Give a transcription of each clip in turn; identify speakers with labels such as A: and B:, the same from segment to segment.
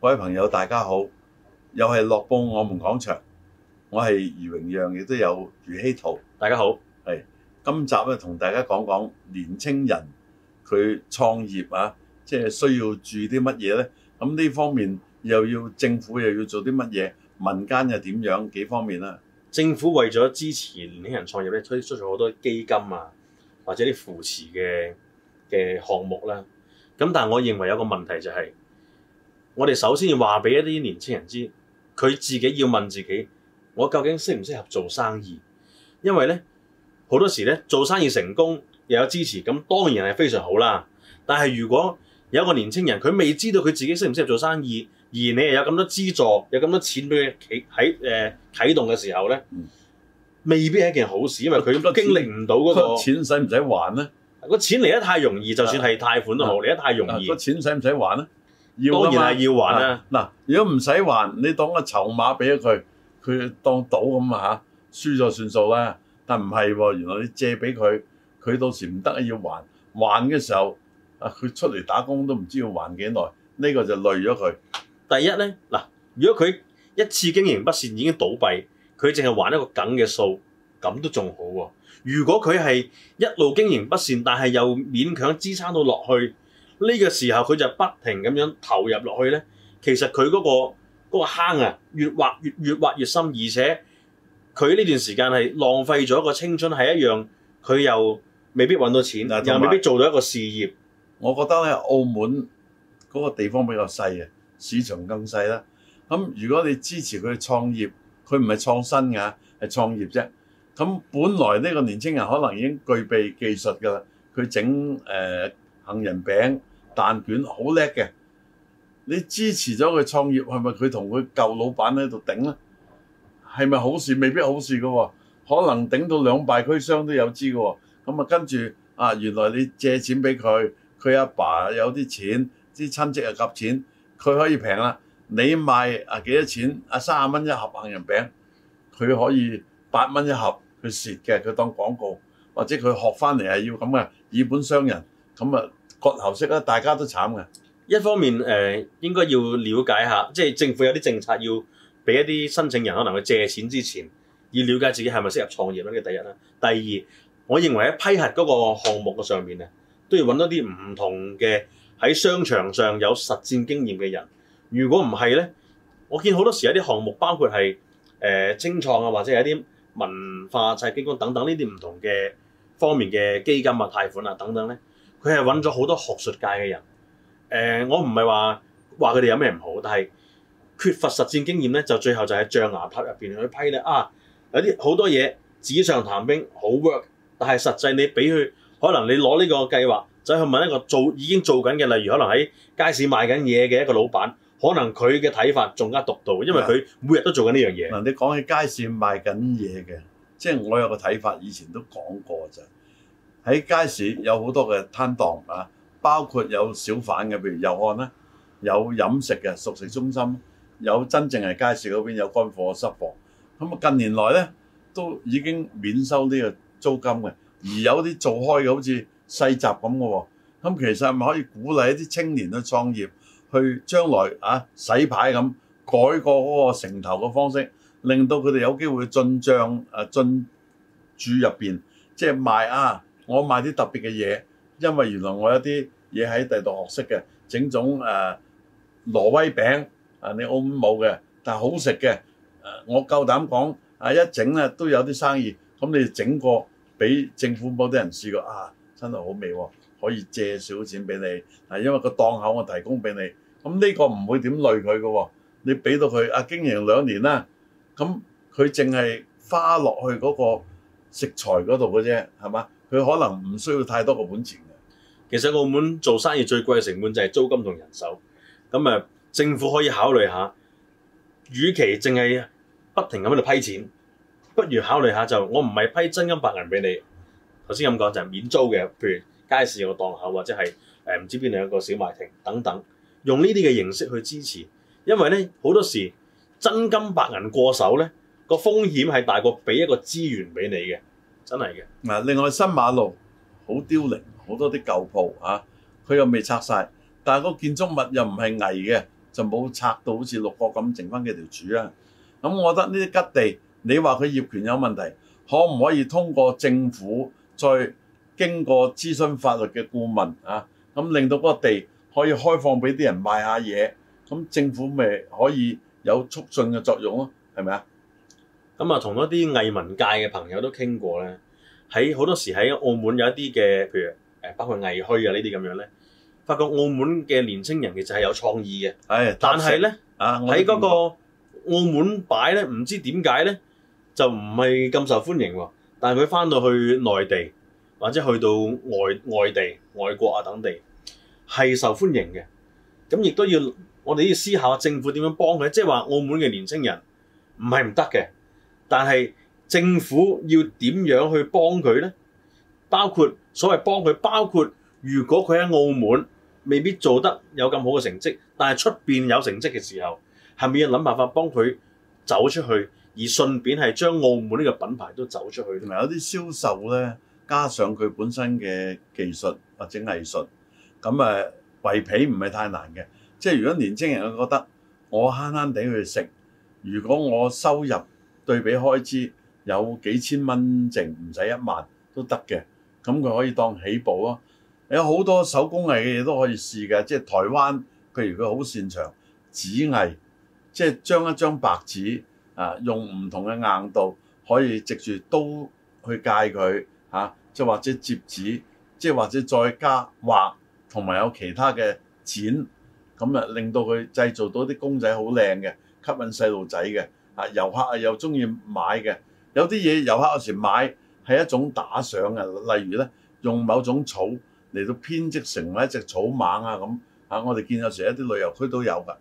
A: 各位朋友，大家好，又係樂報我們講場，我係余榮陽，亦都有余希圖。大家好，係今集咧，同大家講講年輕人佢創業啊，即係需要注意啲乜嘢呢？咁呢方面又要政府又要做啲乜嘢？民間又點樣？幾方面啦？政府為咗支持年輕人創業咧，推出
B: 咗好多基金啊。或者啲扶持嘅嘅項目啦，咁但係我認為有個問題就係，我哋首先要話俾一啲年青人知，佢自己要問自己，我究竟適唔適合做生意？因為咧好多時咧做生意成功又有支持，咁當然係非常好啦。但係如果有一個年青人佢未知道佢自己適唔適合做生意，而你又有咁多資助，有咁多錢俾佢啟喺誒啟動嘅時候咧。嗯未必係一件好事，因為佢經歷唔到嗰個錢
A: 使唔使還咧？個錢嚟得太容易，就算係貸款都好，嚟得太容易。個錢使唔使還咧？當然係要還啦。嗱、啊，如果唔使還，你當個籌碼俾咗佢，佢當賭咁啊嚇，輸咗算數啦。但唔係喎，原來你借俾佢，佢到時唔得要還，還嘅時候啊，佢出嚟打工都唔知要還幾耐，呢個就累咗佢。第一咧，嗱、啊，如果佢一
B: 次經營不善已經倒閉。佢淨係玩一個梗嘅數，咁都仲好喎、啊。如果佢係一路經營不善，但係又勉強支撐到落去，呢個時候佢就不停咁樣投入落去呢，其實佢嗰個嗰個坑啊，越挖越越挖越深，而且佢呢段時間係浪費咗一個青春，係一
A: 樣佢又未必揾到錢，又未必做到一個事業。我覺得咧，澳門嗰個地方比較細嘅市場更細啦。咁如果你支持佢創業，佢唔係創新㗎，係創業啫。咁本來呢個年青人可能已經具備技術㗎啦，佢整誒杏仁餅、蛋卷好叻嘅。你支持咗佢創業，係咪佢同佢舊老闆喺度頂咧？係咪好事？未必好事㗎喎、哦，可能頂到兩敗俱傷都有之㗎喎。咁啊，跟住啊，原來你借錢俾佢，佢阿爸爸有啲錢，啲親戚又夾錢，佢可以平啦。你賣啊幾多錢？啊三十蚊一盒杏仁餅，佢可以八蚊一盒，佢蝕嘅。佢當廣告，或者佢學翻嚟係要咁嘅以本傷人，咁啊割喉式啦，大家
B: 都慘嘅。一方面誒、呃，應該要了解一下，即係政府有啲政策要俾一啲申請人，可能去借錢之前要了解自己係咪適合創業呢個第一啦，第二，我認為喺批核嗰個項目嘅上面咧，都要揾到啲唔同嘅喺商場上有實戰經驗嘅人。如果唔係咧，我見好多時有啲項目，包括係誒清創啊，或者係一啲文化砌基金等等呢啲唔同嘅方面嘅基金啊、貸款啊等等咧，佢係揾咗好多學術界嘅人。誒、呃，我唔係話話佢哋有咩唔好，但係缺乏實戰經驗咧，就最後就喺象牙塔入邊去批咧啊！有啲好多嘢紙上談兵好 work，但係實際你俾佢可能你攞呢個計劃就去問一個做已經做緊嘅，例如可能喺街市賣緊嘢嘅一個老闆。可能佢嘅睇法仲加獨到，因為佢
A: 每日都做緊呢樣嘢。嗱、嗯，你講起街市賣緊嘢嘅，即係我有個睇法，以前都講過就喺街市有好多嘅攤檔啊，包括有小販嘅，譬如油漢啦，有飲食嘅熟食中心，有真正係街市嗰邊有乾貨的、濕貨。咁啊，近年來咧都已經免收呢個租金嘅，而有啲做開嘅好似細集咁嘅喎，咁其實係咪可以鼓勵一啲青年去創業？去將來啊洗牌咁改過個嗰個成頭嘅方式，令到佢哋有機會進帳誒進駐入邊，即係賣啊！我賣啲特別嘅嘢，因為原來我有啲嘢喺第度學識嘅，整種、啊、挪威餅啊，你澳門冇嘅，但係好食嘅、啊。我夠膽講啊，一整咧都有啲生意。咁你整個俾政府嗰啲人試過啊，真係好味喎、哦！可以借少錢俾你、啊、因為個檔口我提供俾你。咁、這、呢個唔會點累佢嘅喎，你俾到佢啊經營兩年啦，咁佢淨係花落去嗰個食材嗰度嘅啫，係嘛？佢可能唔需要太多嘅本錢嘅。
B: 其實澳門做生意最貴嘅成本就係租金同人手。咁、嗯、誒，政府可以考慮下，與其淨係不停咁喺度批錢，不如考慮下就我唔係批真金白銀俾你。頭先咁講就係免租嘅，譬如街市有個檔口或者係唔、呃、知邊度有個小賣亭等等。用呢啲嘅形式去支持，因為呢好多時真金
A: 白銀過手呢個風險係大過俾一個資源俾你嘅，真係嘅。嗱，另外新馬路好凋零，好多啲舊鋪嚇，佢、啊、又未拆晒，但係個建築物又唔係危嘅，就冇拆到好似六角咁剩翻幾條柱啊。咁我覺得呢啲吉地，你話佢業權有問題，可唔可以通過政府再經過諮詢法律嘅顧問啊，咁令到嗰個地，可以開放俾啲人賣下嘢，咁政府咪可以有促進嘅作用咯，係咪啊？
B: 咁啊，同一啲藝文界嘅朋友都傾過咧，喺好多時喺澳門有一啲嘅，譬如誒包括藝墟啊呢啲咁樣咧，發覺澳門嘅年青人其實係有創意嘅，係，但係咧啊喺嗰個澳門擺咧，唔知點解咧就唔係咁受歡迎喎。但係佢翻到去內地或者去到外外地、外國啊等地，係受歡迎嘅，咁亦都要我哋要思考下政府點樣幫佢。即係話澳門嘅年青人唔係唔得嘅，但係政府要點樣去幫佢呢？包括所謂幫佢，包括如果佢喺澳門未必做得有咁好嘅成績，但係出邊有成績嘅時候，係咪要諗辦法幫佢
A: 走出去，而順便係將澳門呢個品牌都走出去？同埋有啲銷售呢，加上佢本身嘅技術或者藝術。咁誒維皮唔係太難嘅，即係如果年青人佢覺得我慳慳地去食，如果我收入對比開支有幾千蚊剩，唔使一萬都得嘅，咁佢可以當起步咯、啊。有好多手工藝嘅嘢都可以試嘅，即係台灣，譬如佢好擅長紙藝，即係將一張白紙啊，用唔同嘅硬度可以直住刀去界佢、啊、即係或者折紙，即係或者再加畫。同埋有其他嘅錢咁啊，令到佢製造到啲公仔好靚嘅，吸引細路仔嘅啊，遊客啊又中意買嘅。有啲嘢遊客有時買係一種打賞啊，例如咧用某種草嚟到編織成為一隻草蜢啊咁啊，我哋見有時一啲旅遊區都有㗎。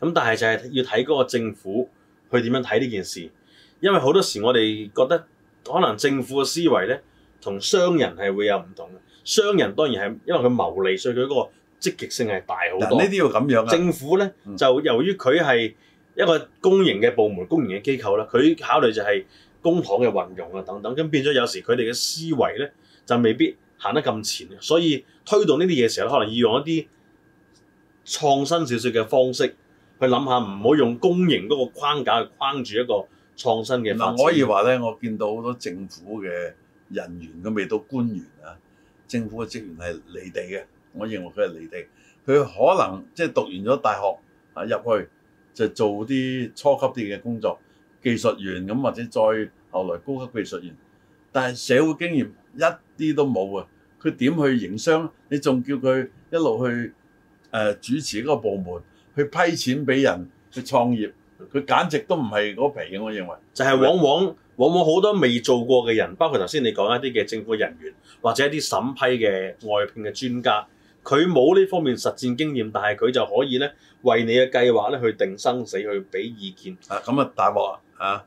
A: 咁但係就係要睇嗰個政
B: 府去點樣睇呢件事，因為好多時我哋覺得可能政府嘅思維咧同商人係會有唔同嘅。商人當然係，因為佢牟利，所以佢嗰個積極性係大好多。要咁樣啊。嗯、政府咧就由於佢係一個公營嘅部門、公營嘅機構啦，佢考慮就係公帑嘅運用啊等等，咁變咗有時佢哋嘅思維咧就未必行得咁前，所以推動呢啲嘢時候可能要用一啲創新少少嘅方式去諗下，唔好用公營嗰個框架去框住一個創新嘅發展。嗱，我可以話
A: 咧，我見到好多政府嘅人員，都未到官員啊。政府嘅職員係離地嘅，我認為佢係離地。佢可能即係讀完咗大學啊入去就做啲初級啲嘅工作，技術員咁或者再後來高級技術員，但係社會經驗一啲都冇啊！佢點去營商？你仲叫佢一路去誒、呃、主持嗰個部門去批錢俾人去創業，佢簡直都唔係嗰皮嘅。我認為就係、係、往往。往往好多未做過嘅人，包括
B: 頭先你講一啲嘅政府人員，或者一啲審批嘅外聘嘅專家，佢冇呢方面實戰經驗，但係佢就可以咧為你嘅計劃咧去定生死，去俾意
A: 見。啊，咁啊，大鑊啊，啊，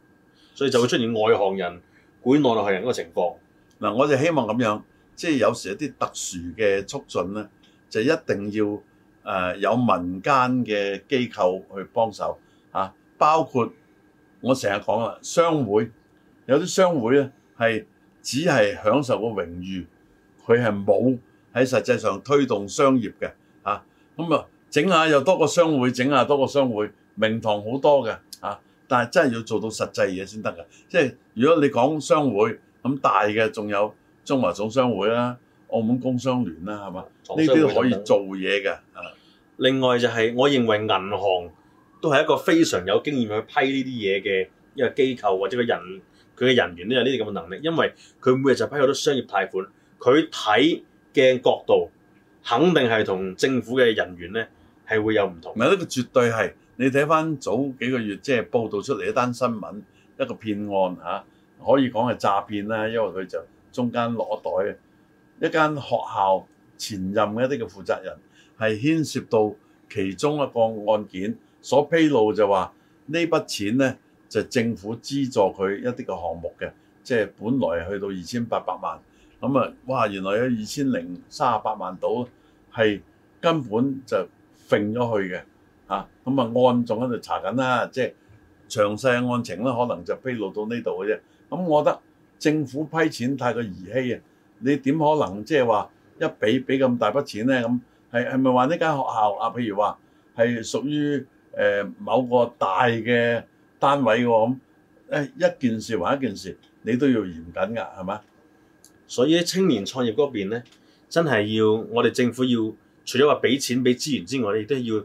A: 所以就會出現外行人管內行人嘅情況。嗱、啊，我就希望咁樣，即、就、係、是、有時一啲特殊嘅促進咧，就一定要誒、呃、有民間嘅機構去幫手啊，包括我成日講啊，商會。有啲商會咧係只係享受個榮譽，佢係冇喺實際上推動商業嘅嚇。咁啊、嗯、整下又多個商會，整下多個商會，名堂好多嘅嚇、啊。但係真係要做到實際嘢先得㗎。即係如果你講商會咁大嘅，仲有中華總商會啦、澳門工商聯啦，係嘛？呢啲都可以做嘢嘅。另外就係我認為銀行都係一個非常有經
B: 驗去批呢啲嘢嘅一個機構或者個人。佢嘅人員都有呢啲咁嘅能力，因為佢每日就批好多商業貸款，佢睇嘅角度肯定係同
A: 政府嘅人員咧係會有唔同。唔係咧，呢個絕對係你睇翻早幾個月即係報道出嚟一單新聞，一個騙案嚇、啊，可以講係詐騙啦，因為佢就中間落袋嘅一間學校前任嘅一啲嘅負責人係牽涉到其中一個案件，所披露就話呢筆錢咧。就政府資助佢一啲嘅項目嘅，即係本來去到二千八百萬，咁啊，哇！原來有二千零三十八萬到係根本就揈咗去嘅嚇，咁啊案仲喺度查緊啦，即係詳細嘅案情咧，可能就披露到呢度嘅啫。咁我覺得政府批錢太過兒戲啊！你點可能即係話一俾俾咁大筆錢咧？咁係係咪話呢間學校啊？譬如話係屬於誒、呃、某個大嘅？單位我咁、哎，一件事還一件事，你都要嚴謹㗎，係嘛？
B: 所以青年創業嗰邊咧，真係要我哋政府要除咗話俾錢俾資源之外，你都要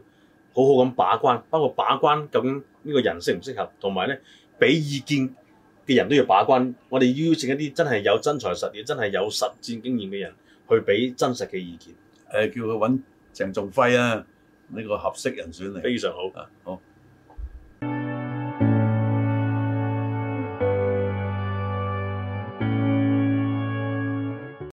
B: 好好咁把關，包括把關究竟呢個人適唔適合，同埋咧俾意見嘅人都要把關。我哋邀請一啲真係有真才實業、真係有實戰經驗嘅人去俾真實嘅意見。誒、呃，叫佢揾
A: 鄭仲輝啊，呢個合適人選嚟。非常好啊，好。